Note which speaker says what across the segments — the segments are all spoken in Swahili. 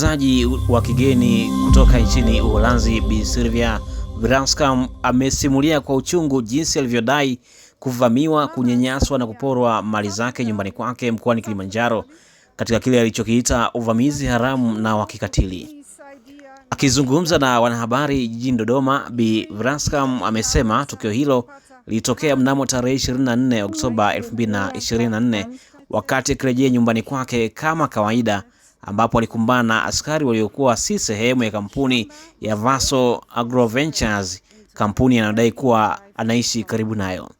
Speaker 1: mchezaji wa kigeni kutoka nchini Uholanzi, Bi Sylvia Branskam amesimulia kwa uchungu jinsi alivyodai kuvamiwa, kunyanyaswa na kuporwa mali zake nyumbani kwake mkoani Kilimanjaro katika kile alichokiita uvamizi haramu na wa kikatili. Akizungumza na wanahabari jijini Dodoma, Bi Branskam amesema tukio hilo lilitokea mnamo tarehe 24 Oktoba 2024 wakati akirejea nyumbani kwake kama kawaida ambapo alikumbana na askari waliokuwa si sehemu ya kampuni ya Vaso Agroventures, kampuni anayodai kuwa anaishi karibu nayo.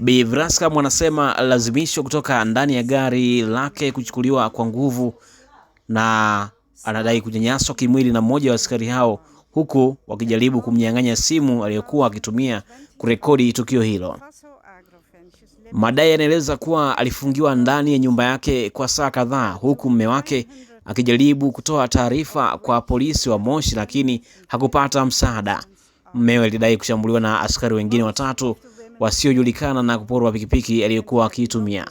Speaker 1: Bi Vraskam anasema alilazimishwa kutoka ndani ya gari lake kuchukuliwa kwa nguvu, na anadai kunyanyaswa kimwili na mmoja wa askari hao, huku wakijaribu kumnyang'anya simu aliyokuwa akitumia kurekodi tukio hilo. Madai yanaeleza kuwa alifungiwa ndani ya nyumba yake kwa saa kadhaa, huku mume wake akijaribu kutoa taarifa kwa polisi wa Moshi lakini hakupata msaada. Mmewe alidai kushambuliwa na askari wengine watatu wasiojulikana na kuporwa pikipiki aliyokuwa akiitumia.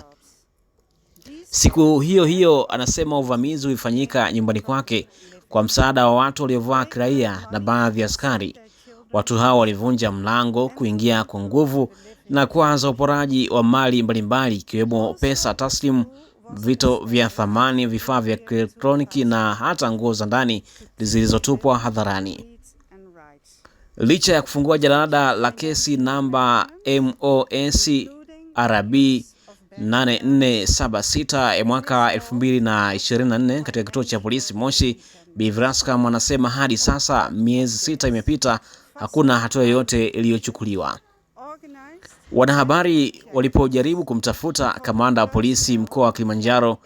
Speaker 1: Siku hiyo hiyo, anasema uvamizi ulifanyika nyumbani kwake kwa msaada wa watu waliovaa kiraia na baadhi ya askari. Watu hao walivunja mlango, kuingia kwa nguvu na kuanza uporaji wa mali mbalimbali ikiwemo pesa taslimu, vito vya thamani, vifaa vya kielektroniki na hata nguo za ndani zilizotupwa hadharani. Licha ya kufungua jalada la kesi namba MOS RB 8476 ya mwaka 2024 katika kituo cha polisi Moshi, Bi anasema hadi sasa miezi sita imepita hakuna hatua yoyote iliyochukuliwa. Wanahabari walipojaribu kumtafuta kamanda wa polisi mkoa wa Kilimanjaro,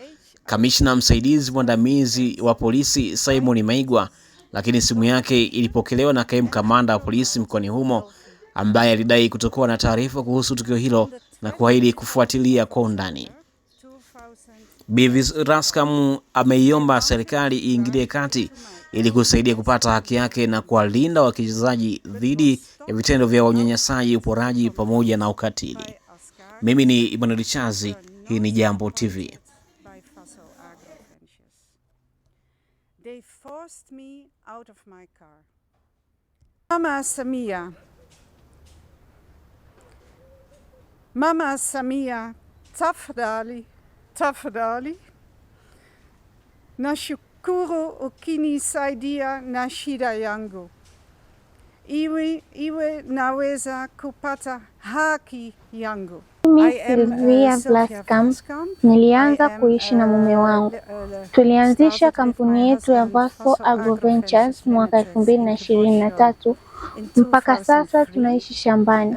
Speaker 1: kamishna msaidizi mwandamizi wa polisi Simon Maigwa, lakini simu yake ilipokelewa na kaimu kamanda wa polisi mkoani humo ambaye alidai kutokuwa na taarifa kuhusu tukio hilo na kuahidi kufuatilia kwa undani. Bivis Raskam ameiomba serikali iingilie kati ili kusaidia kupata haki yake na kuwalinda wachezaji dhidi ya vitendo vya unyanyasaji, uporaji pamoja na ukatili. Mimi ni Emmanuel Chazi, hii ni Jambo TV.
Speaker 2: Mama Samia, Mama Samia, tafadhali tafadhali. Nashukuru ukinisaidia na shida yangu, iwe iwe naweza kupata haki yangu.
Speaker 3: Mimi Silvia uh, Blaskamp nilianza kuishi na mume uh, wangu. Uh, Tulianzisha kampuni yetu ya Vasco Agro Ventures mwaka elfu mbili na ishirini na tatu mpaka sasa tunaishi shambani.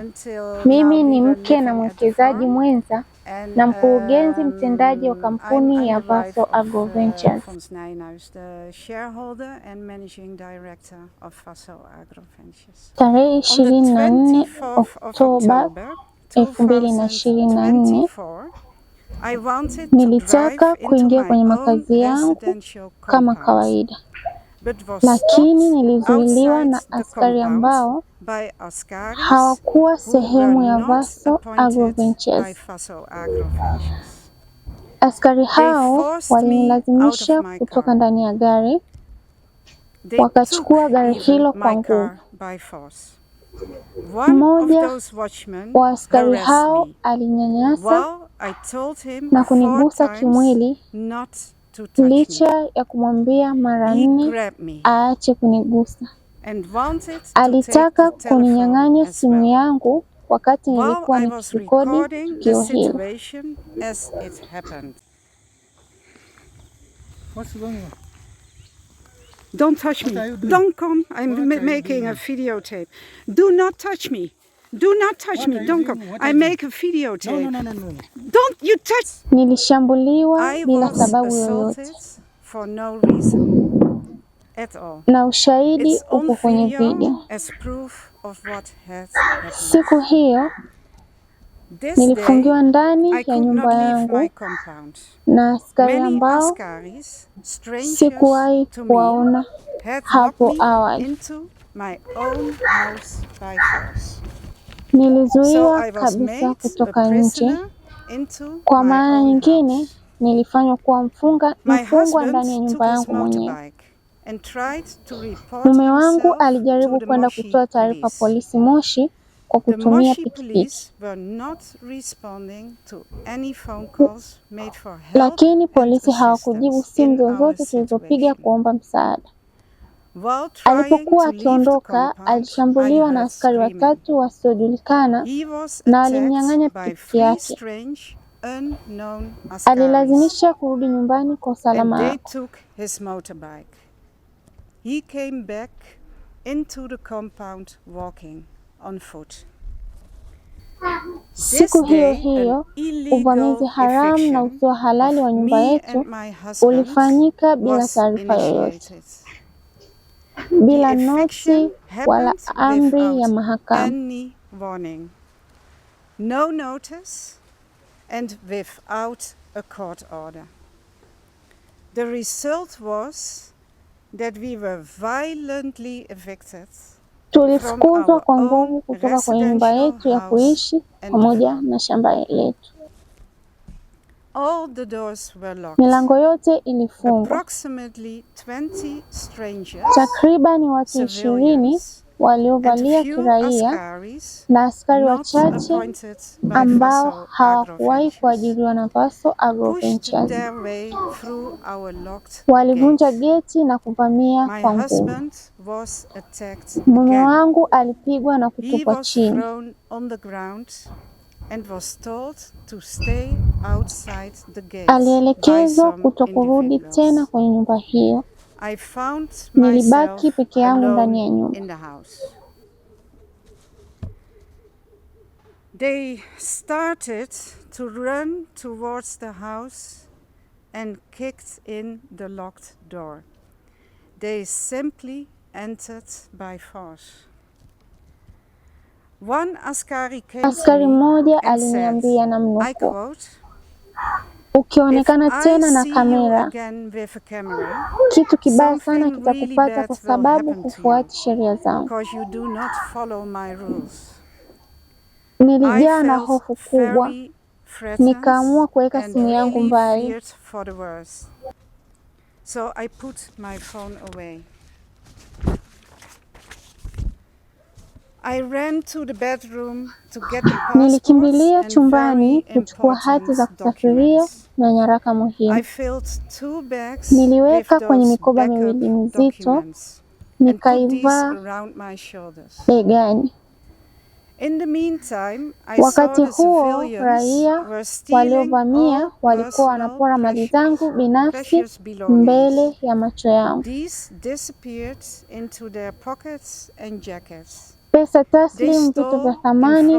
Speaker 3: Mimi ni mke na mwekezaji mwenza na mkurugenzi um, mtendaji wa kampuni ya Vaso Agro Ventures. Tarehe ishirini na nne Oktoba elfu mbili na ishirini na nne nilitaka kuingia kwenye makazi yangu kama kawaida lakini nilizuiliwa na askari ambao hawakuwa sehemu ya Vaso Agroventures. Askari hao walinilazimisha kutoka ndani ya gari, wakachukua gari hilo kwa nguvu. Mmoja wa askari hao alinyanyasa na kunigusa kimwili licha ya kumwambia mara nne aache kunigusa. Alitaka kuninyang'anya simu yangu wakati nilikuwa nikirekodi tukio hilo. Don't touch me. Don't come. I'm making a videotape. Do not touch me. Do not touch me. Don't go. I make a videotape. No, no, no, no, no. Don't you touch. Nilishambuliwa bila sababu yoyote. For no reason at all. Na ushahidi upo kwenye video. As proof of what has happened. Siku hiyo nilifungiwa ndani ya nyumba yangu na askari ambao sikuwahi kuwaona hapo awali. Nilizuiwa kabisa kutoka nje. Kwa maana nyingine, nilifanywa kuwa mfunga mfungwa ndani ya nyumba yangu mwenyewe. Mume wangu alijaribu kwenda kutoa taarifa polisi Moshi kwa kutumia pikipiki, lakini polisi hawakujibu simu zozote tulizopiga kuomba msaada. Alipokuwa akiondoka, alishambuliwa na askari watatu wasiojulikana na alimnyanganya pikipiki yake. Alilazimisha kurudi nyumbani kwa usalama wako. Siku hiyo hiyo uvamizi haramu na usio halali wa nyumba yetu ulifanyika bila taarifa yoyote bila noti wala amri ya mahakama. No notice and without a court order. The result was that we were violently evicted. Tulifukuzwa kwa nguvu kutoka kwenye nyumba yetu ya kuishi pamoja na shamba letu. All the doors were locked. Milango yote ilifungwa. Approximately 20 strangers, takriban watu ishirini waliovalia kiraia na askari wachache ambao hawakuwahi kuajiriwa na Paso walivunja geti na kuvamia kwa nguvu. Mume wangu alipigwa na kutupwa chini. And was told alielekezwa kutokurudi tena kwenye nyumba hiyo. Nilibaki peke yangu ndani ya nyumba. They started to run towards the house and kicked in the locked door. They simply entered by force. Askari mmoja aliniambia na mnuku ukionekana tena na kamera, kitu kibaya sana kitakupata kwa sababu hufuati sheria zangu. Nilijaa na hofu kubwa, nikaamua kuweka simu yangu mbali. So I put my phone away. Nilikimbilia chumbani kuchukua hati za kusafiria na nyaraka muhimu. Niliweka kwenye mikoba miwili mizito, nikaivaa begani. Wakati huo raia waliovamia walikuwa wanapora mali zangu binafsi mbele ya macho yangu pesa taslimu, vitu vya thamani,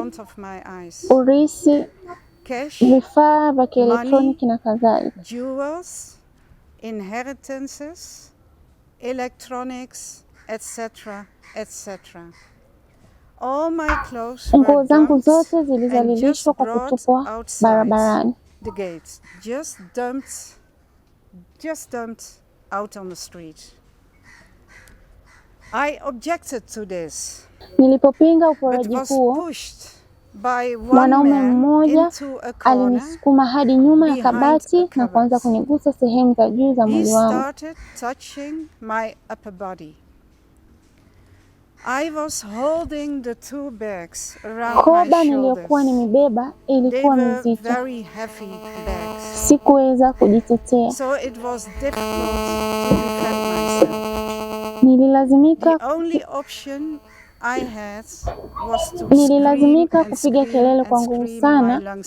Speaker 3: urisi, vifaa vya kielektroniki na kadhalika. jewels, Inheritances, electronics, etc, etc. All my clothes nguo zangu zote zilizalilishwa kwa kutupwa barabarani. The gates just dumped, just dumped out on the street. I objected to this. Nilipopinga uporaji huo, mwanaume mmoja alinisukuma hadi nyuma ya kabati na kuanza kunigusa sehemu za juu za mwili wangu. Koba niliyokuwa nimebeba ilikuwa mizito, sikuweza kujitetea. So it was difficult to defend myself. Nililazimika, nililazimika kupiga kelele kwa nguvu sana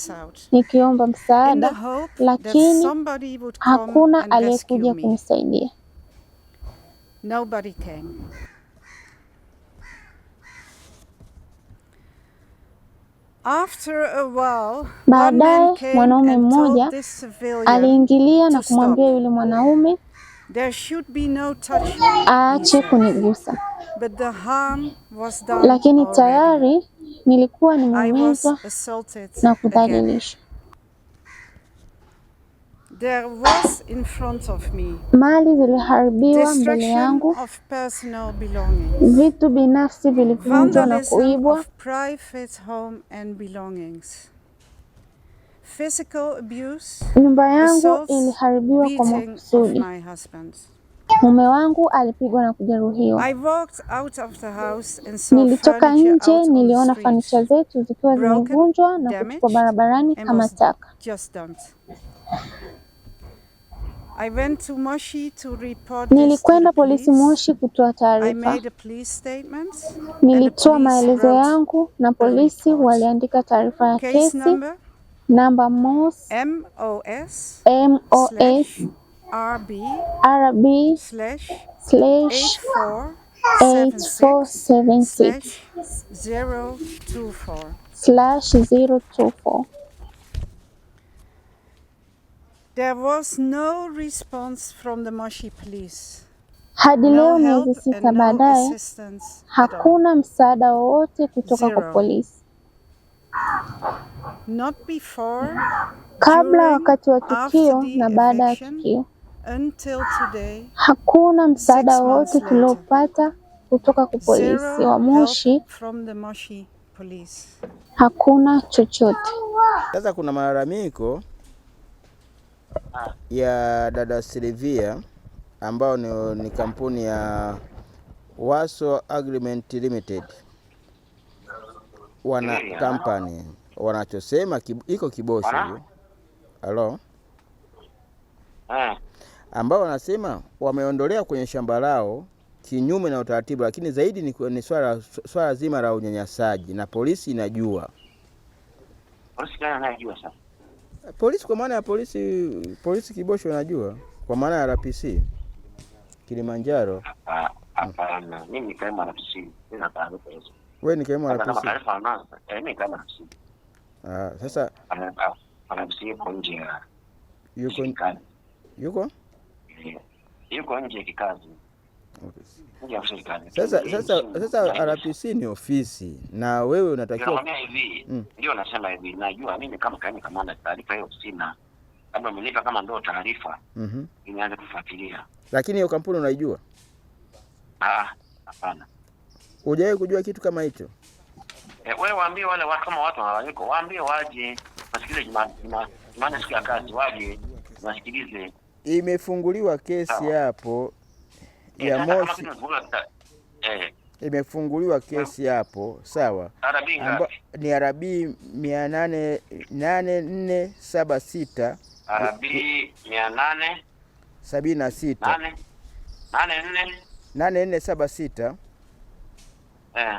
Speaker 3: nikiomba msaada, lakini hakuna aliyekuja kunisaidia. Baadaye mwanaume mmoja aliingilia na kumwambia yule mwanaume There should be no touch, aache kunigusa. But the harm was done, lakini tayari nilikuwa nimeumizwa na kudhalilishwa. There was in front of me. Mali ziliharibiwa mbele yangu, vitu binafsi vilivunjwa na kuibwa, private home and belongings. Nyumba yangu iliharibiwa kwa makusudi. Mume wangu alipigwa na kujeruhiwa. Nilitoka nje, niliona fanicha zetu zikiwa zimevunjwa na kutupwa barabarani kama taka. Nilikwenda polisi Moshi kutoa taarifa. Nilitoa maelezo yangu na polisi waliandika taarifa ya kesi namba MOS MOS RB RB 8476 024 There was no response from the Moshi police. Hadi leo miezi sita baadaye, hakuna msaada wowote kutoka kwa polisi. Not before, kabla, wakati wa tukio na baada ya tukio. Hakuna msaada wote tuliopata kutoka kwa polisi wa Moshi, hakuna chochote.
Speaker 4: Sasa kuna malalamiko ya dada Silvia ambayo ni, ni kampuni ya Waso Agreement Limited, wana kampani wanachosema iko Kibosi halo ambao wanasema wameondolea kwenye shamba lao kinyume na utaratibu, lakini zaidi ni, ni swala, swala zima la unyanyasaji na polisi inajua. Polisi kwa maana ya polisi, polisi Kibosho anajua kwa maana ya RPC Kilimanjaro. Wewe ni kama RPC?
Speaker 5: Ah, sasa anamsikia kwa nje ya
Speaker 4: yuko yuko
Speaker 5: eh, yuko nje ya kikazi.
Speaker 4: Sasa sasa sasa, RPC ni ofisi na wewe unatakiwa
Speaker 5: hivi. Mm. Ndio nasema hivi, najua mimi kama kaimu kamanda, taarifa hiyo sina, labda umenipa kama ndio taarifa mhm, nianze kufuatilia.
Speaker 4: Lakini hiyo kampuni unaijua?
Speaker 5: Ah, hapana,
Speaker 4: hujawahi kujua kitu kama hicho.
Speaker 5: E, wewe waambie wale watu kama watu wanalalamika, waambie waje wasikilize Jumanne siku ya kazi, waje wasikilize.
Speaker 4: Imefunguliwa kesi hapo eh, ya Moshi, eh. imefunguliwa kesi hmm. hapo sawa, Amba, ni arabi mia nane nane nne saba sita
Speaker 5: arabi mia nane
Speaker 4: sabini na sita nane nne saba sita eh